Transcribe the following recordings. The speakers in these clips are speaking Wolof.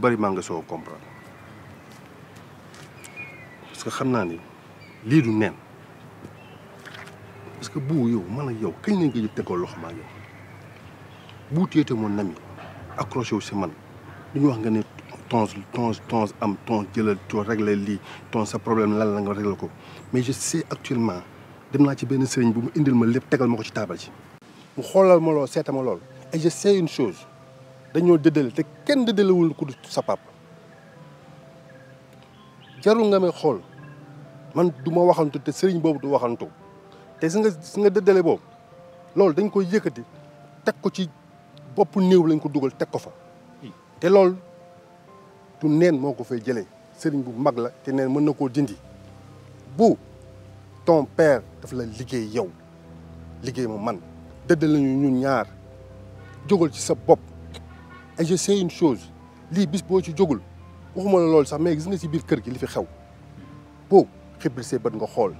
bari maa nga soo comprendre parce que xam naa ni lii du neen parce que bu yow man a yow kañ lañ ko jël tegoo loxo maa yow bu téete mon ami accroché wu si man du ñu wax nga ne Tonz Tonz Tonz am Tonz jëlal coo réglé lii Tonz sa problème lan la nga réglé ko mais je sais actuellement dem naa ci benn sëriñ bu mu indil ma lépp tegal ma ko ci taabal ci mu xoolal ma lool seeta ma lool et je sais une chose dañoo dëddale te kenn dëddalewul ku du sa papa jarul nga may xool man du ma waxantu te sëriñ boobu du waxantu te si nga si dëddale boobu loolu dañ koy yëkkati teg ko ci bopp néew lañ ko dugal teg ko fa te lool du neen moo ko fay jëlee sëriñ bu mag la te neen mën na koo dindi bu ton père daf la liggéey yow liggéey ma man dëddale ñu ñun ñaar jógal ci sa bopp et je sais une chose lii bis boo ci jógul waxuma la lool sax mais gis nga si biir kër gi li fi xew boo xibli see bët nga xool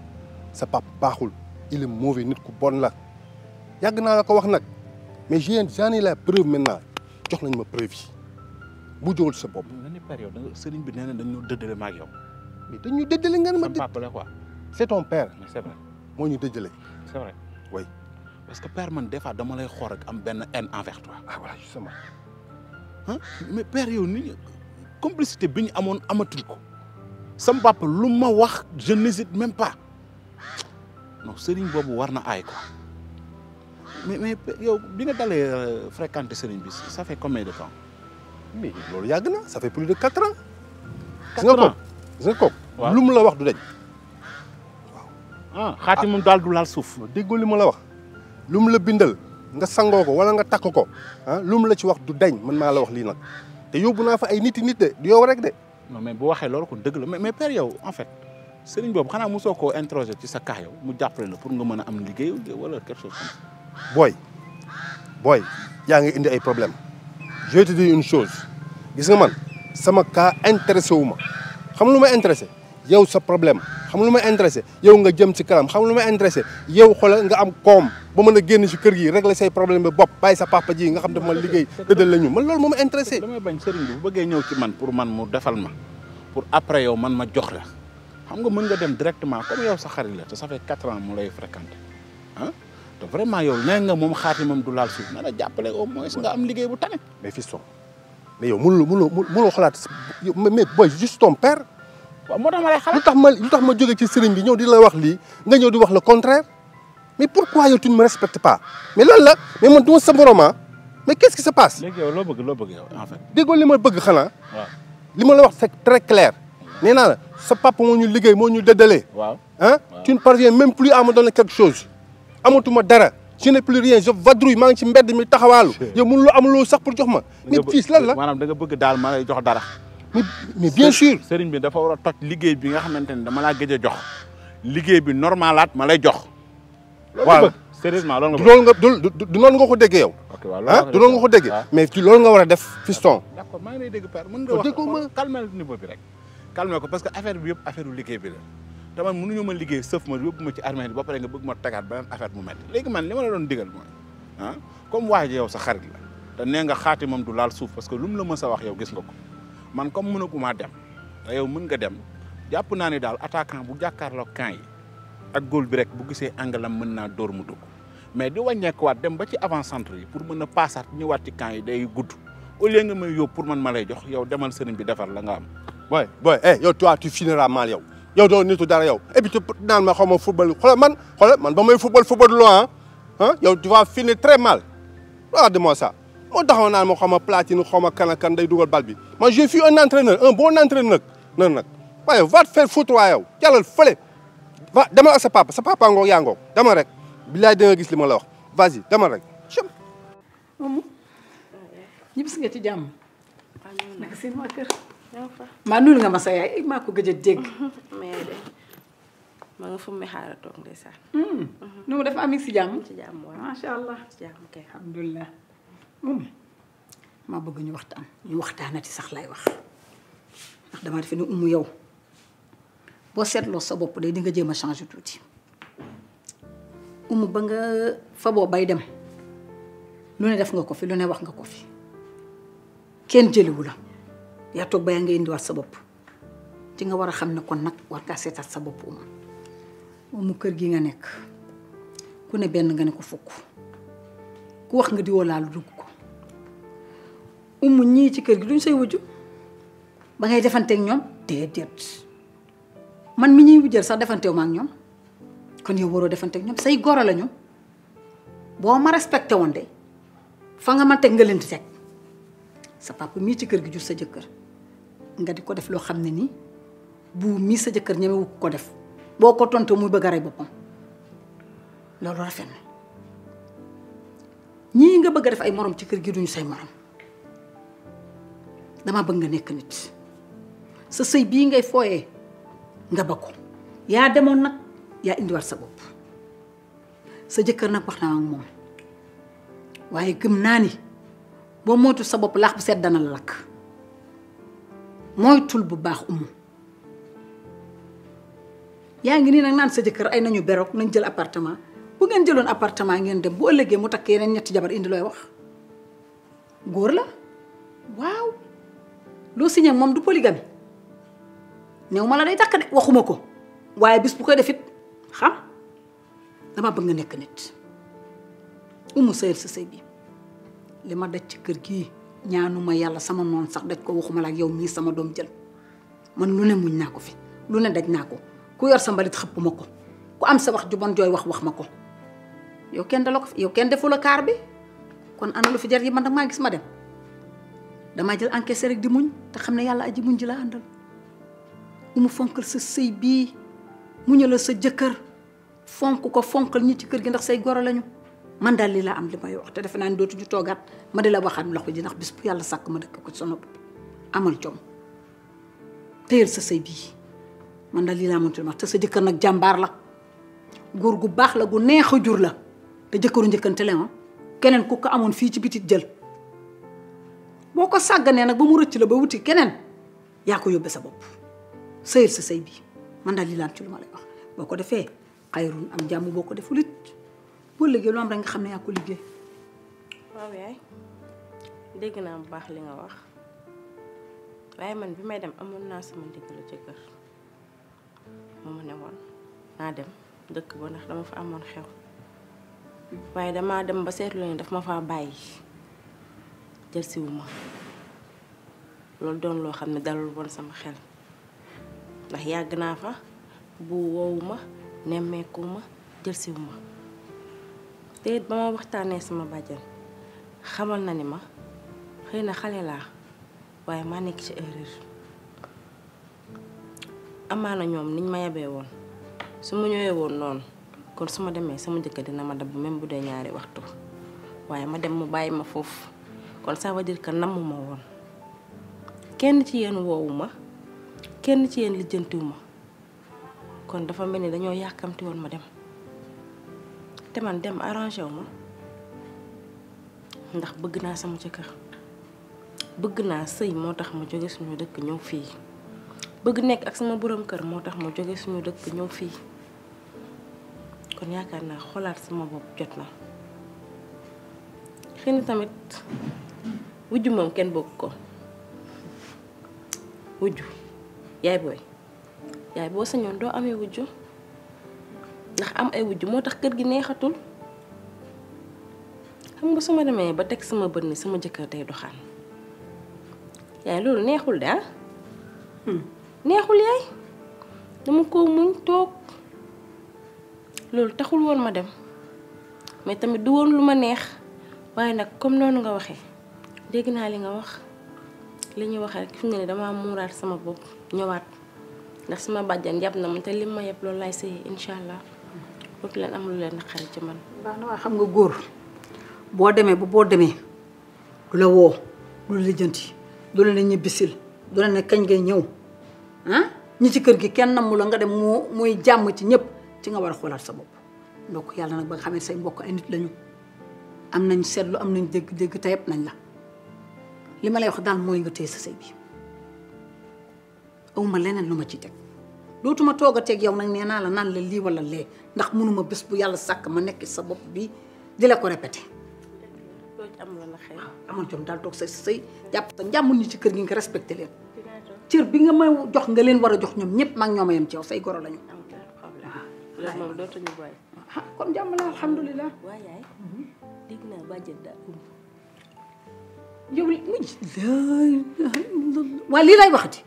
sa pap baaxul il est mauvais nit ku bon la yàgg naa la ko wax nag mais j'ai j'en ai la preuve maintenant jox nañ ma preuve bu jógul sa bopp. nga ne père yow sëriñ bi nee na dañu dëddale ma ak yow. mais dañu dëddale nga ne ma. sa ton père. c'est moo ñu dëddale. c'est vrai oui. parce que père man des fois dama xool rek am benn haine envers ah mais père yow ni complicité bi ñu amoon amatul ko sam papa lu ma wax je n'hésite même pas non sëriñ boobu war na aay ko mais mais yow bi nga dalee euh, fréquenter sëriñ bi ça fait combien de temps. mais loolu yàgg na ça fait plus de quatre ans. quatre ans lu mu la wax du dañ. waaw ah xaatimam daal du laal suuf. déggoo li ma la wax lu mu la bindal. nga sangoo ko wala nga takk ko ah lu mu la ci wax du dañ man maa la wax lii nag te yóbbu naa fa ay nit nit de du yow rek de. non mais bu waxee loolu kon dëgg la mais mais père yow en fait sëriñ boobu xanaa mosoo koo introsé ci sa cas yow mu jàppale la pour nga mën a am liggéey wala quelque chose booy booy yaa ngi indi ay problème je te dis une chose gis nga man sama cas intéressé wu ma xam lu ma intéressé. yow sa problème xam lu ma intéressé yow nga jëm si kanam xam lu ma intéressé yow xoolal nga am koom ba mën a génn ci kër gi régler say problème bi bopp bàyyi sa papa ji nga xam dafa ma liggéey dëddal la ñu man loolu moo ma intéressé. damay bañ sëriñ bi bu bëggee ñëw ci man pour man mu defal ma pour après yow man ma jox la xam nga mën nga dem directement comme yow sa xarit la te ça fait quatre ans mu lay fréquenté ah? te vraiment yow nee nga moom xaati moom du laal suuf na a jàppale au moins nga am liggéey bu ta mais fii mais yow mënuloo mënuloo mënuloo xalaat mais booy juste waaw moo tax ma lay lu tax ma lu ma jóge ci sëriñ bi ñëw di la wax lii nga ñëw di wax la contraire mais pourquoi yow tu ne me respectes pas mais loolu la mais man du ma sa borom ah. mais qu'est-ce qui se passe. léegi yow loo bëgg loo bëgg yow li ma bëgg xanaa. waaw li ma la wax c'est très clair. nee naa la sa papa moo ñu liggéey moo ñu dëddalee. waaw ah tu ne parviens même plus à me donner quelque chose. amatuma dara je n'ai plus rien je vadrouille maa ngi ci mbedd mi taxawaalu. yow mënuloo loo sax pour jox ma. mais fii lan la maanaam da nga bëgg daal ma lay jox dara. mais bien sûr sëriñ bi dafa war a toj liggéey bi nga xamante ne dama laa gëj a jox liggéey bi normalaat ma lay jox. du du nga ko déggee yow. ok waaw loolu ah, du noonu nga ko déggee ah. mais a def fiston. d' accord maa ngi lay dégg père mën nga wax ma calmer ko parce que affaire bi yëpp affaire liggéey bi la te man mënuñu ma liggéey sëf ma yóbbu ma ci armée bi ba nga bëgg ma tegaat beneen affaire mu métti léegi man li ma la doon digal mooy ah comme waa ji yow sa xarit la te nee nga xaati moom du laal suuf parce que lu mu la mës a wax yow gis ko man comme mënaguma dem te yow mën nga dem jàpp naa ni daal attaquant bu jàkkaarloog camp yi ak góor bi rek bu gisee angalam mën naa dóor mu dugg mais di wàññeekuwaat dem ba ci avant centre yi pour mën a paasaat ñëwaat ci camp yi day gudd au lieu nga may yóbbu pour man ma lay jox yow demal sëriñ bi defar la nga am. boy boy eh yow toi tu finiras mal yow yow doo nitu dara yow et puis naan ma xaw ma football xoolal man xoolal man ba may football football loo ah yow tu vas finir très mal moo taxaw naan moo xaw ma platine xaw ma kan day dugal bal bi man je suis un entraîneur un bon entraîneur nag nag waaye va te faire foutre jàllal fële dama ak sa papa sa papa ngoog yaa ngoog dama rek bilaay da gis li ma la wax vas dama rek cëm jàmm ah, naka seen waa kër maa nuyul nga ma sa yaay maa ko gëj a dégg mais de ma si hmm. mhm. jàmm ci ummi maa bëgg ñu waxtaan ñu waxtaanati sax lay wax ndax damaa defe ne umu yow boo seetloo sa bopp day di nga jéem a changer tuuti umu ba nga faboo bay dem lu ne def nga ko fi lu ne wax nga ko fi kenn jëliwu la yaa ba yaa nga indiwaat sa bopp ci nga war a xam ne kon nag war ngaa seetaat sa bopp umu umu kër gi nga nekk ku ne benn nga ne ko fukk ku wax nga di woo laa lu dugg ko umu ñii ci kër gi duñ say wujju ba ngay defanteeg ñoom déedéet man mi ñuy wujjal sax defanteewu ma ak ñoom kon yow waroo defanteeg ñoom say goro lañu boo ma respecté woon de fa nga ma teg nga leen di teg sa papa mii ci kër gi jur sa jëkkër nga di ko def loo xam ne nii bu mii sa jëkkër ñemewu ko def boo ko tontoo mu bëgg a rey boppam loolu rafet na ñii nga bëgg a def ay moroom ci kër gi duñu say morom. dama bëgg nga nekk nit sa sëy bii ngay fooyee nga ba ko yaa demoon nag yaa indiwaat sa bopp sa jëkkër nag wax naa moom waaye gëm naa ni boo moytul sa bopp laax bu set dana la lakk moytul bu baax umu yaa ngi nii nag naan sa jëkkër ay nañu beroog nañ jël appartement bu ngeen jëloon appartement ngeen dem bu ëllëgee mu takk yeneen ñetti jabar indi looy wax góor la waaw loo signé moom du polygamie néew ma la day takk de waxuma ko waaye bis bu koy defit xam dama bëgg nga nekk nit umu sëyal sa sëy bi li ma daj ci kër gii ñaanuma yàlla sama noon sax daj ko waxuma la ak yow mii sama doom jël man lu ne muñ naa ko fi lu ne daj naa ko ku yor sa mbalit xëppuma ko ku am sa wax ju jooy wax wax ma ko yow kenn dala ko fi yow kenn defu la kaar bi kon ana lu fi jar yi man nag maa gis ma dem damaa jël encaissé rek di muñ te xam ne yàlla aji muñ ji la àndal mu fonkal sa sëy bii muñalal sa jëkkër fonk ko fonkal ñi ci kër gi ndax say goro lañu man daal lii laa am li may wax te defe naa ne dootuñu toogaat ma di la waxaat loxo ji ndax bis bu yàlla sàkk ma dëkk ko ci sa nopp amal jom sa sëy bii man daal lii laa mënti wax te sa jëkkër nag jàmbaar la góor gu baax la gu neex a jur la te jëkkëru njëkkante la ah. keneen ku ko amoon fii ci bitit jël boo ko sàgganee nag ba mu rëcc la ba wuti keneen yaa ko yóbbee sa bopp sëyal sa sëy bi man daal li laan ci lu ma lay wax boo ko defee xayrun am jàmm boo ko deful it boo liggéey lu am rek nga xam ne yaa ko liggéey waaw yaay dégg naa bu baax li nga wax waaye man bi may dem amoon naa sama ndigalu jëkkër moo ma ne woon naa dem dëkk ba ndax dama fa amoon xew waaye dama dem ba seetlu ne daf ma faa bàyyi jël ma loolu doon loo xam ne dalul woon sama xel ndax yàgg naa fa bu woowu ma nemmeeku ma jël siwu ma te ba ma waxtaanee sama bàjjan xamal na ni ma xëy na xale laa waaye maa nekk ci erreur amaana ñoom niñ ma yabee woon su ma ñëwee woon noonu kon su ma demee sama jëkkër dina ma dabb même bu dee ñaari waxtu waaye ma dem mu bàyyi ma foofu kon ça veut que namm ma woon kenn ci yéen woowuma kenn ci yéen lijjantiwu ma kon dafa mel ni dañoo yàkkamti woon ma dem te man dem arrangé wu ma ndax bëgg naa sama jëkkër bëgg naa sëy moo tax ma jóge suñu dëkk ñëw fii bëgg nekk ak sama borom kër moo tax ma jóge suñu dëkk ñëw fii kon yaakaar naa xolaat sama bopp jot na xëy na tamit wujju moom kenn bokk ko wujju yaay booy yaay boo sañoon doo amee wujju ndax am ay wujju moo tax kër gi neexatul xam nga su ma demee ba teg sama bët ni sama jëkkër day doxaan yaay loolu neexul de ah hmm. neexul yaay dama ko muñ toog loolu taxul woon ma dem mais tamit du woon lu ma neex waaye nag comme noonu nga waxee dégg naa li nga wax li ñuy wax rek fi mu ne damaa muuraat sama bopp ñëwaat ndax sama bàjjan yab na ma te lim ma yab loolu laay sëy incha allah boobu leen leen naqari ci man. xam nga góor boo demee ba boo demee du la woo du lijjanti du la ne ñibbisil du la kañ ngay ñëw ah ñu ci kër gi kenn namu la nga dem moo muy jàmm ci ñëpp ci nga war a xoolaat sa bopp. ndokk yàlla nag ba nga xam ne say mbokk ay nit lañu am nañ seetlu am nañ dégg-dégg te nañ la. li ma lay wax daal mooy nga téye sa sëy bi awma leneen lu ma ci teg dootuma toog a teg yow nag nee naa la naan la lii walla lee ndax mënuma bés bu yàlla sàkk ma nekk sa bopp bi di la ko répété. waaw amal daal toog sa sëy jàpp sa njàmbur ñi ci kër gi nga respecté leen. cër bi nga may jox nga leen war a jox ñoom ñëpp maa ngi ñoo ma yem ci yow say goro lañu. waaw moom dootuñu bàyyi. Ah, kon yow mujj waaye lii lay waxati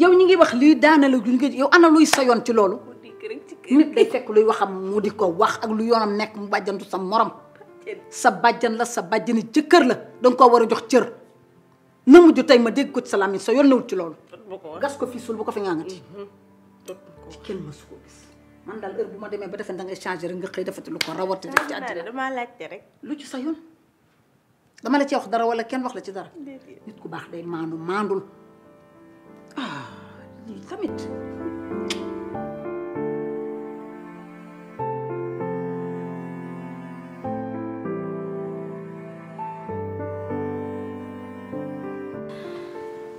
yow ñi ngi wax lii daana la juñ yow ana luy sa yoon ci loolu nit day fekk luy waxam mu di ko wax ak lu yoonam nekk mu bàjjantu sa morom sa bàjjan la sa bàjjani jëkkër la danga koo war a jox cër na mujj tey ma dégg ko ci sa làmmiñ sa yoon newul ci loolu gas ko fii suul bu ko fi ngaangati mhm. ci kenn ma su ko ma demee ba defe da ngay changé nga xëy defati lu ko rawati def ah, ci àddina dama rek lu ci sa yoon dama la ci wax dara wala kenn wax la ci dara baax day maandu maandul ah lii tamit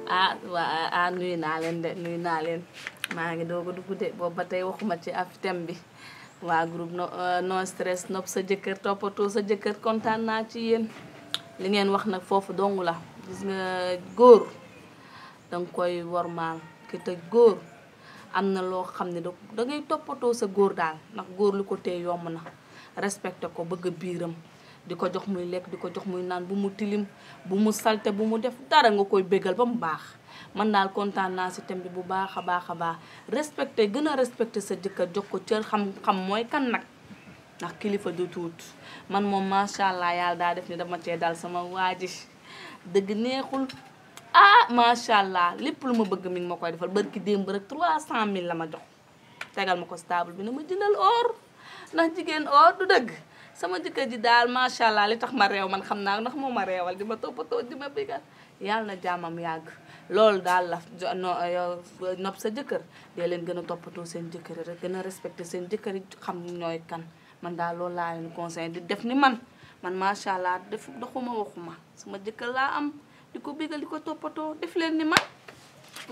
ah, ah naa leen de nuyu naa leen maa ngi doog a dugg de boobu ba tey waxuma ci af thème bi waa groupe no euh, stress nopp sa jëkkër toppatoo sa jëkkër kontaan naa ci yéen li ngeen wax nag foofu dong la gis nga góor danga koy wormaal ki te góor am na loo xam ne da ngay toppatoo sa góor daal ndax góor lu ko tee yomb na respecté ko bëgg biiram di ko jox muy lekk di ko jox muy naan bu mu tilim bu mu salte bu mu def dara nga koy bégal ba mu baax man daal kontaan naa si thème bi bu baax a baax a baax respecté gën a respecté sa jëkkër jox ko cër xam-xam mooy kan nag ndax kilifa du tuut man moom macha allah yàlla daa def ni dama cee daal sama waa ji dëgg neexul ah macha allah lépp lu ma bëgg mi ngi ma koy defal barki démb rek 300000 la ma jox tegal ma ko stable bi na ma jëndal or ndax jigéen or du dëgg sama jëkkër ji daal macha allah li tax ma réew man xam naa ndax moom ma réewal di ma toppatoo di ma bégal yàlla na jàmmam yàgg loolu daal la nopp sa jëkkër dee leen gën a toppatoo seen jëkkër rek gën a respecté seen jëkkër xam ñooy kan man daal loolu laa leen conseil di def ni man man macha allah def doxuma waxuma suma jëkkër laa am di ko bégal di ko toppatoo def leen ni man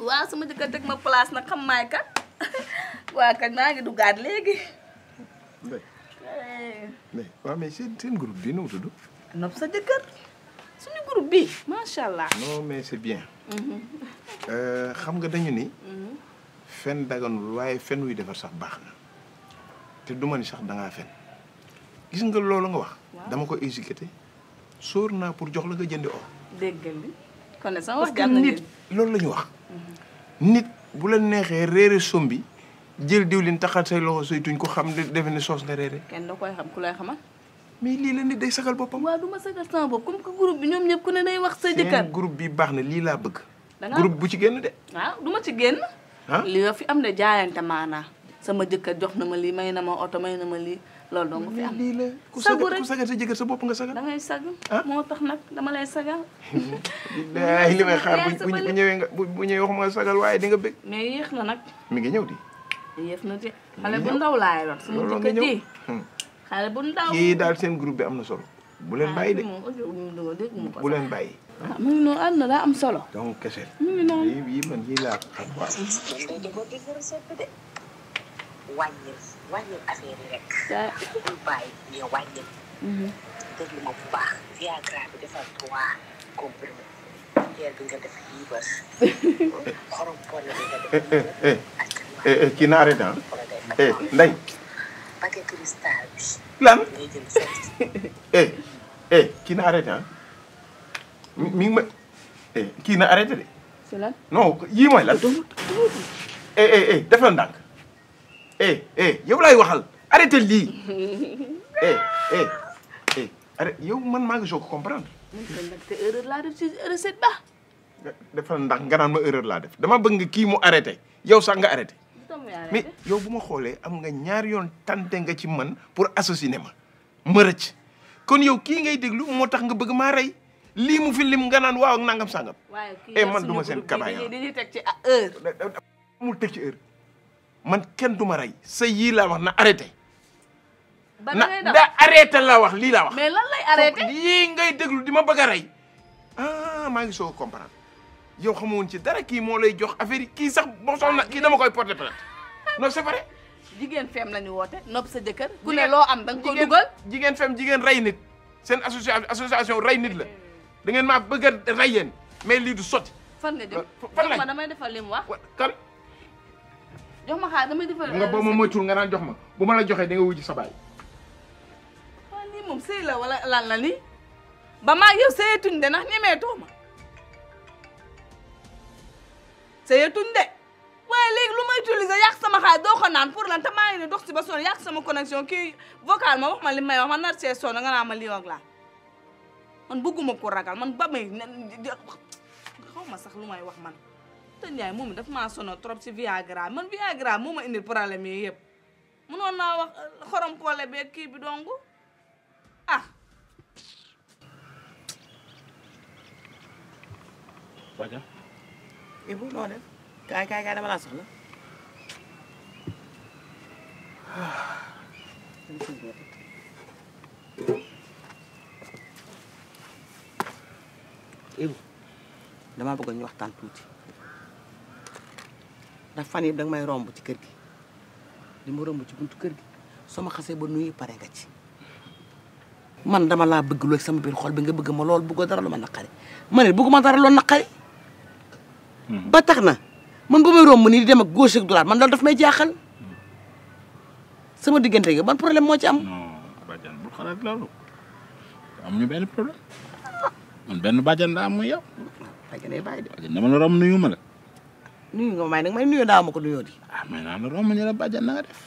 waaw sama jëkkër teg ma place nag xam maay kat waa kat maa ngi duggaat léegi. Eh. mais seen seen groupe bi nu mu nopp sa jëkkër suñu groupe bi macha allah. non mais c'est bien. Mhm. Euh, xam nga dañu ni. Mhm. fen daganul waaye fen wuy defar sax baax na. te duma ni sax da ngaa fen gis nga loolu nga wax. dama ko exécuté sóor naa pour jox la nga jëndi or. dégg li kon sama wax nit loolu lañu ñu wax. Mhm. nit bu la neexee réere som bi jël diwlin taxal say loxo say tuñ ko xam ne defe ne soos nga réere. kenn da koy xam ku lay xamal. mais lii la nit day sagal boppam. waaw du ma bi ñoom ñëpp ku ne day wax sa jëkkër. groupe bi baax na lii laa bëgg. groupe bu ci génn de. waaw ah, du ma ci génn. Ah? li nga fi am de jaayante maanaa. sama jëkkër jox na ma lii may na ma oto may na ma lii loolu dong fi am. sagu rek ku sagal sa jëkkër sa bopp nga sagal. da ngay sag ah? moo tax nag dama lay sagal. li may xaar bu bu ñëwee nga bu ñëwee waxuma waaye di nga bëgg. mais na nag. mi ngi ñëw di. yéex na ndaw laay doon. sama jëkkër ji hmm. xale bu yii daal seen groupe bi am na solo. bu leen ah, bàyyi de bu leen bàyyi. ah am solo. donc kese. mu yii man yii laa xam waaw. wàññil wàññil affaire yi rek. bul bàyyi mais lan ngay jël set. Eh, eh, kii na arrêté ah? ma eh, kii na arrêté de. non yii mooy lan. doomu doomu. defal ndànk. eh eh yow laay waxal arrêté lii eh, eh, eh yow man maa ngi soog comprendre. man kay ci recette ba. ndax nga naan ma erreur laa def dama bëgg nga kii mu arrêté yow sax nga arrêté. mais yow bu ma xoolee am nga ñaari yoon tante nga ci man pour assassiner ma ma rëcc kon yow kii ngay déglu moo tax nga bëgg maa rey lii mu fi lim nga naan waaw ak nangam sangam. waaye kii eh, man du ma seen kabaayam waaye dañuy teg ci heure. mu teg ci heure. man kenn du ma rey sa yii laa wax na arrêté. ba na da arrêté laa wax lii laa wax. mais lan lay arrêté yii ngay déglu di ma bëgg a rey ah maa ngi soog a comprendre yow xamoon ci dara kii moo lay jox affaire yi kii sax boo na kii dama koy porté plainte non c'est vrai. jigéen fem la ñu woote nopp sa jëkkër. ku ne loo am da nga ko dugal jigéen fem jigéen rey nit. seen association association rey nit la da ngeen maa bëgg a rey yéen mais lii du sotti. fan nga jëm fan la damay defal li mu wax kan. jox ma xaalis damay defal nga boo ma euh, moytuwul nga naan jox ma bu ma la jox da nga wujj sa baay. waaw lii moom sëy la wala lan la nii ba maa yow sëyatuñ de ndax ñemeetoo ma sëyatuñ de waaye léegi lu may utiliser yàq sama xaalis doo ko naan pour lan te maa ngi ne dox si ba sonn yàq sama connexion kii vocal ma wax ma li may wax ma nar see sonn nga naa ma lii ak man bëgguma ko ragal man ba may xaw ma sax lu may wax man. te Ndiaye moom daf maa sono trop ci Viagra man Viagra moo ma indil problème yi yëpp mënoon naa wax euh, xorom koole bee kii bi dong ah. Fatia. Ibou loo def kaay kaay kaay dama laa soxla. Ibou damaa bëgg ñu waxtaan tuuti. ndax fan yi danga may romb ci kër gi di ma romb kër gi soo ma xasee ba nuyu pare nga ci man dama laa bëgg loolu sama biir xol bi nga bëgg ma lool bëggoo dara lu ma naqari ma ne bëgguma dara lool naqari hmm. ba tax na man ba may romb nii di dem ak gauche ak droite man loolu daf may jaaxal hmm. sama diggante gi ban problème moo ci am. non bàjjan bu xalaat loolu amuñu benn problème man benn bàjjan laa am muy yow. bàjjan day bàyyi de. bàjjan dama la romb nuyu ma la. nuyu nga may nag may nuyu daaw ma ko nuyoo di. ah mais naa ne romb ñu la bàjjan na nga def.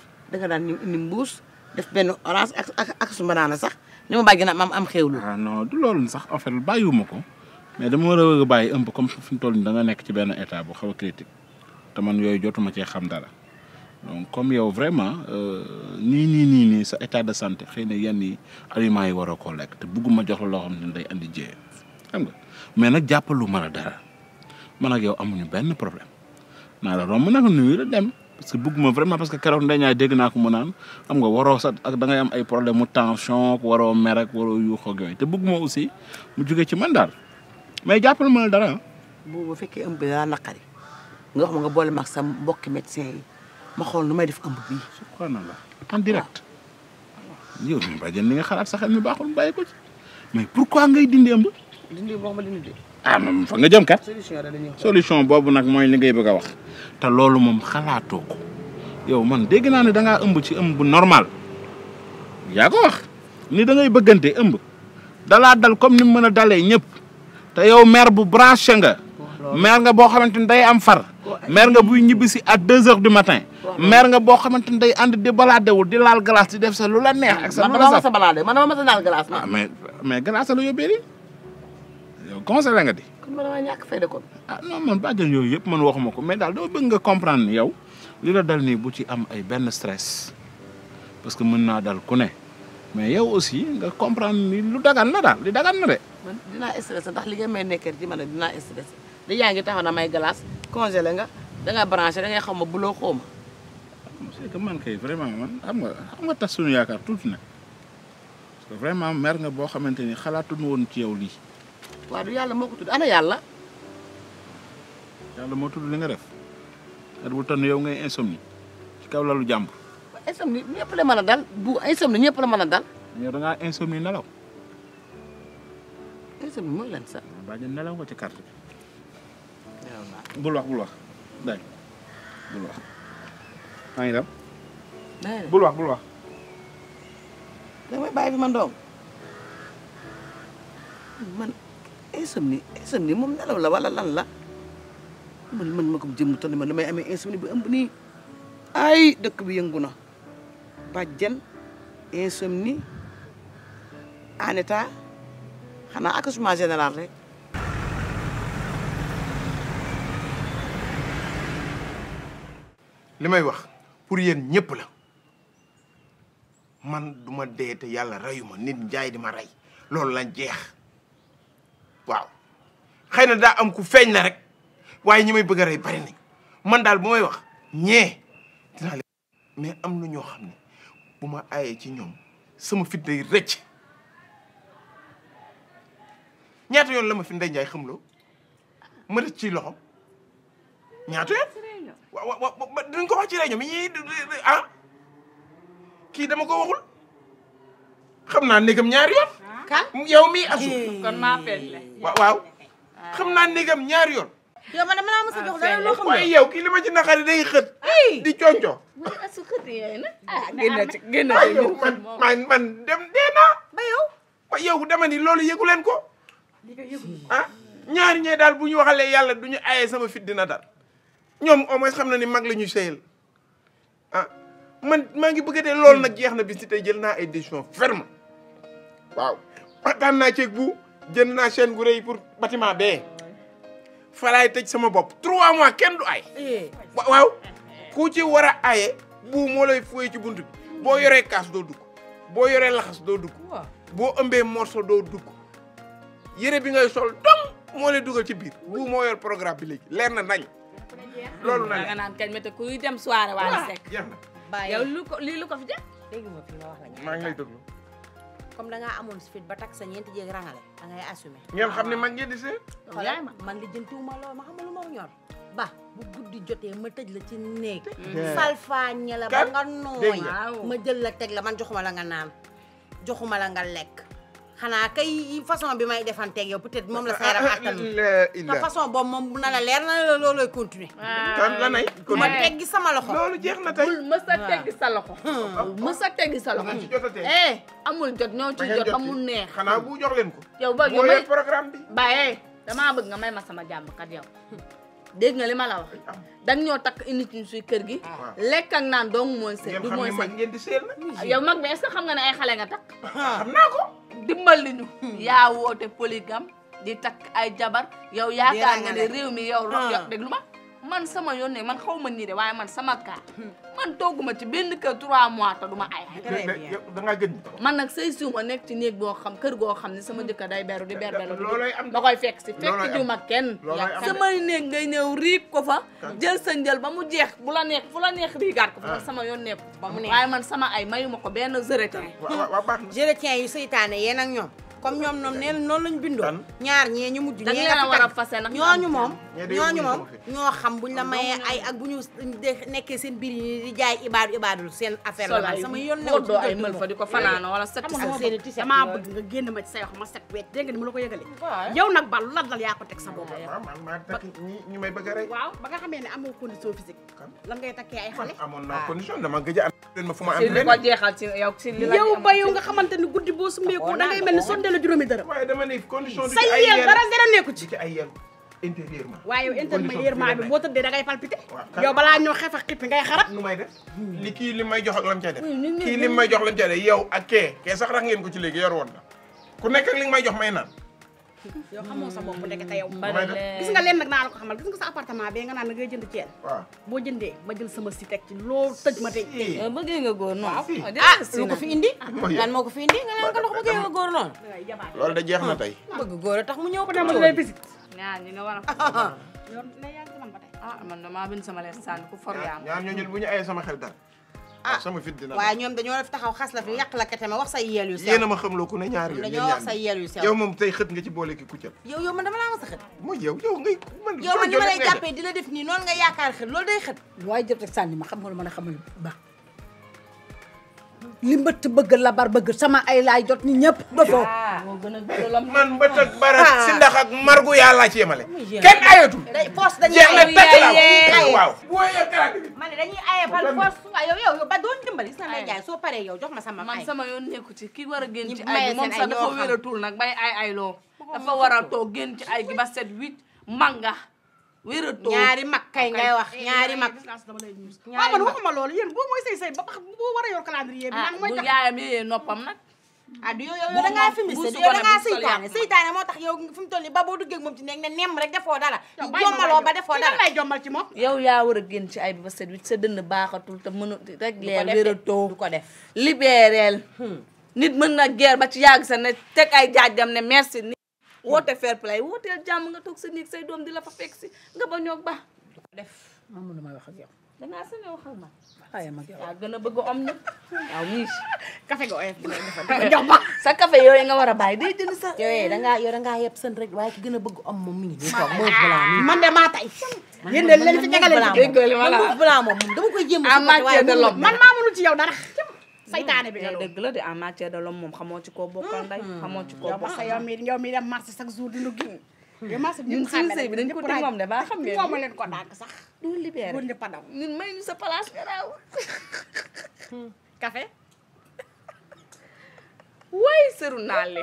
benn orange ak ak ak su banaana sax ni ma bàjjan am am xéwlu. ah non du loolu sax en fait bàyyiwuma ko mais dama war a bëgg bàyyi un peu comme fi mu toll nii da nekk ci benn état bu xaw a critique te man yooyu jotuma cee xam dara donc comme yow vraiment euh, nii nii nii nii sa état de santé xëy na yenn yi aliments yi waroo koo lekk te bugguma jox la loo day andi jéem mais nag jàppalu ma la yow amuñu benn problème. naa la romb nag nuyu la dem parce que bëgguma vraiment parce que keroog ndeñaay dégg naa ko mu naan xam nga waroo sax ak da ngay am ay problème mu tension waroo mer ak waroo yuuxoo ak yooyu te bëgguma aussi mu jóge ci man daal mais jàppal ma la dara. bu bu fekkee ëmb bi daa naqari nga wax ma nga boole ma ak sa mbokki médecin yi ma xool nu may def ëmb bii. subhanallah en direct. yow mi bàjjen li nga xalaat sa xel mi baaxul bàyyi ko ci mais pourquoi ngay dindi ëmb. dindi boo ma dindi ah moom fa nga jëm kat. solution boobu nag mooy li ngay bëgg a wax. te loolu moom xalaatoo ko yow man dégg naa ne danga ambu ci ëmb bu normal yaa ko wax ni da ngay bëggante ëmb dalaa dal comme ni mu mën a dalee ñëpp yow mère bu branché nga. mère nga boo xamante ni day am far. mère nga buy ñibbi si à deux heures du matin. mère nga boo xamante ni day ànd di balaadewul di laal glace di def sa lu la neex. ak sa lu la saf man dama mës a balaade man dama laal glace. ah conseillé nga di. ko man maa ñàkk fayda kon. ah non yooyu yëpp man waxuma ko mais daal doo bëgg nga comprendre ni yow li la dal nii bu ci am ay benn stress parce que mën naa dal ku ne mais yow aussi nga comprendre ni lu dagan na daal li dagan na de. man dinaa stressé ndax li nga may nekkee ci man dinaa stressé li yaa ngi taxaw na may glace congelé nga danga branché dangay xaw ma buloo xaw ma. c'est que man kay vraiment man xam nga xam nga tas suñu yaakaar tuuti na parce que vraiment mer nga boo xamante ni xalaatuñu woon ci yow lii. waaw du yàlla moo ko tudd ana yàlla. yàlla moo tudd li nga def at bu tonn yow ngay insomnie ci kaw lalu jàmbur. insomnie ñëpp la mën a dal bu insomnie ñëpp la mën a dal. mais da ngaa insomnie nelaw. insomnie mooy lan sax. bañ ci carte bi. bul wax bul wax bul wax ngi dem. bul wax bul wax. insomnie insomnie moom nelaw la wala lan la man man ma ko jëmm toll ma damay amee insomnie bu ëmb nii ay dëkk bi yëngu na bàjjen insomnie en état xanaa accouchement général rek li may wax pour yéen ñëpp la man duma dee te yàlla reyu ma nit njaay di ma rey loolu la jeex waaw xëy na daa am ku feeñ la rek waaye ñi may bëgg a rey bari nañ man daal bu may wax ñee dinaa leen mais am na ñoo xam ma aayee ci ñoom sama fit day rëcc ñaata yoon la ma fi Ndeye Ndiaye xamloo ma rëcc ci loxom ñaata yoon waaw waaw dinañ ko wax ci réunion mi ñi ah kii dama ko waxul xam naa néegam ñaari yoon kan ah, yow mii asu ah, eh. kon maa fenle waaw ah. xam naa négam ñaari yoon yow man dama a yow kii li ma ci naqari day xët di conco asu xët yooyu nag génn ci man dem dee naa ba yow wa loolu yëgu leen ko ah ñaari ñee daal bu ñu waxalee yàlla du ñu ayee sama fit dina dar ñoom au moins xam na ni mag la ñuy sëyal ah man maa ngi bëgg a dee loolu nag jeex na bis si tey jël naa ay décision ferme waxtaan naa ceeg bu jënd naa chaîne gu rëy pour bâtiment bee falaay tëj sama bopp trois mois kenn du ay eh. waaw ku ci war a aye bu moo lay fooy ci bunt boo yoree kaas doo dugg boo yoree laxas doo dugg boo ëmbee morceau doo dugg yére bi ngay sol dom moo lay dugal ci biir bu moo yor programme bi leer na nañ loolu na nga naan kañ ma te kuy dem soirée Wally Seck lii comme da ngaa amoon fit ba takk sa ñeenti jéeg rangale da ngay assumer. ngeen xam ne ah. man ngeen di see. xoolal ma man lijjantiwuma lool ma xam lu ma ñor. ba bu guddi jotee ma tëj la ci néeg. Mm-hmm. salfaañe la ba nga nooy ma jël la teg la man joxuma la nga naan joxuma la nga lekk. xanaa ka façon bi may defanteeg yow peut-être moom la sa yaram ah, ah, attan te façon boobu moom bu na la leer na la loolooy continuer ah. kan la nay ma teggi sama loxo loolu jeex na tey bul teggi sa loxo hmm. mës a teggi sa loxo eh amul jot ñoo ci jot amul neex xanaa bu jox leen ko yow ba yow mooy programme bi bàyyee eh, damaa bëgg nga may ma sama jàmm kat yow hmm. dégg nga li ma la wax ñoo takk indi ñu suy kër gi. Ah. lekk ak naan dong mooy sëy du mooy sëy ngeen na. Ah, yow mag bi est-ce xam nga ne ay xale nga takk. Ah, xam naa ko. ñu. yaa woote polygame di takk ay jabar. yow yaakaar nga ne réew mi yow. yow déglu ma. man sama yoon ne man xaw ma nii de waaye man sama ka man togguma ci benn kër trois mois te ma ay ay dangaa gën man nag say suuma nekk ci néeg boo xam kër goo xam ne sama jëkkër day beru di berberu da koy fekk si fekk jiw ma kenn samay néeg ngay ñëw riig ko fa jël sa njël ba mu jeex bu la neex fu neex riigaat ko ah. sama yoon ne ba mu neex waaye man sama ay ma ko benn géretien géretien yu seytaane yéen ak ñoom comme ñoom noonu neen noonu lañ bindoo ñaar ñee ñu mujj ñee nga a fase nag ñooñu moom ñooñu moom ñoo xam buñ la mayee ay ak bu ñu nekkee seen biir yi di jaay ibaadu ibaadu seen affaire la sama yoon new doo wala set dama bëgg nga génn ma ci say ma set wet nga ni ma la ko yëgale yow nag bal lan dal yaa ko teg sa bopp ñu may bëgg rek waaw ba nga xamee ne amoo condition physique lan ngay takkee ay xale amoon ah. gëj a am ma fu ma am ko jeexal ci juróomi dërëm waaye dama dara dara nekku ci waaye yow intérieurement bi boo tëddee da ngay palpité yow balaa ñoo xef ak xippi ngay xarab nu may def hmm. kii li may jox ak lam cay def hmm, kii li may jox lam cay def yow ak kee kee sax rax ngeen ko ci léegi yor woon la ku nekk ak may jox may naan yow xamoo sa bopp ndekete yow gis nga leen nag naa la ko xamal gis nga naan da ngay jënd ceen waaw boo jëndee ma jël sama si teg ci loo tëj ma tëj eh, bëggee nga góor noonu a ah, lu ko fi indi ah, lan moo fi indi nga naan ko ndox loolu da jeex na tey bëgg góor a tax mu ñëw ba dama lay visite ñaar ñi nga war a. yow mais yaa ngi ci man ba tey. ah man damaa bind sama leer sànni ku for yaa ñaar ñooñu bu ñu ayee sama xel dal. ah, ah sama fit dina waaye ñoom dañoo def taxaw xas la fi yàq la kete ma wax say yeel yu sew. yéen a ma xamloo ku ne ñaar yooyu dañoo wax say yeel yu sew. yow moom tey xët nga ci boole ki kuccal. yow yow man dama laa ma sa xët. mooy yow yow ngay man. yow man li ma lay jàppee di la def nii noonu nga yaakaar xët loolu day xët. waaye jot rek sànni ma xam nga lu mën a xamal ba li mbëtt bëgg bar bëgg sama ay laay jot ni ñëpp dofoo ah, man mbëtt ak barat ah. si ndax ak margu ci yemale kenn ayatul jeex na takk la ah, waaw dañuy aye bal force yow yow ba doon dimbali sa may soo paree yow jox ma sama man sama yoon nekku ci war a génn ci ay moom sax dafa nag bay ay ay loo dafa war a toog génn ci ay gi ba set huit manga wératoo ñaari mag kay ngay wax ñaari mag. Eh, waaw man waxuma loolu yéen boo mooy say say ba boo a yor calendrier bi. ah bu yaayam yee noppam nag. ah du yow yow da ngaa moo tax yow fi mu toll nii ba boo duggee moom ci nekk ne nem rek defoo dara. jommaloo ba defoo dara lay jommal yow yaa war a génn ci ay ba set wi sa dënn baaxatul te mënu rek leer wératoo du ko de libéreel hmm. nit mën na geer ba ci yàgg sa ne teg ay jaajam ne merci woote fair play wooteel jàmm nga toog sa néeg say doom di la fa fekk si nga ba ñoo ba def amul lu may wax ak yow dangaa sene waxal ma waaye mag gën a bëgg om nag waaw miis café ga jox ma sa café yooyu nga war a bàyyi day jënd sax yooyu dangaa yow dangaa yeb sën rek waaye ki gën a bëgg om moom mi ngi nii toog moof balaa nii man de maa tay yéen de leen fi jagale a ah, waaye man maa ci yow dara Mm. saytaane bi nga de en matière moom xamoo ci koo bokkal nday mm. xamoo ci koo bokkal yow mi yow mi dem marché chaque jour dinu gin mm. yow bi ñun suñu sëy bi dañ ko teg moom de baa xam ngeen moom leen sax du libéré góor a may ñu sa place nga raw hmm. café way sëru naale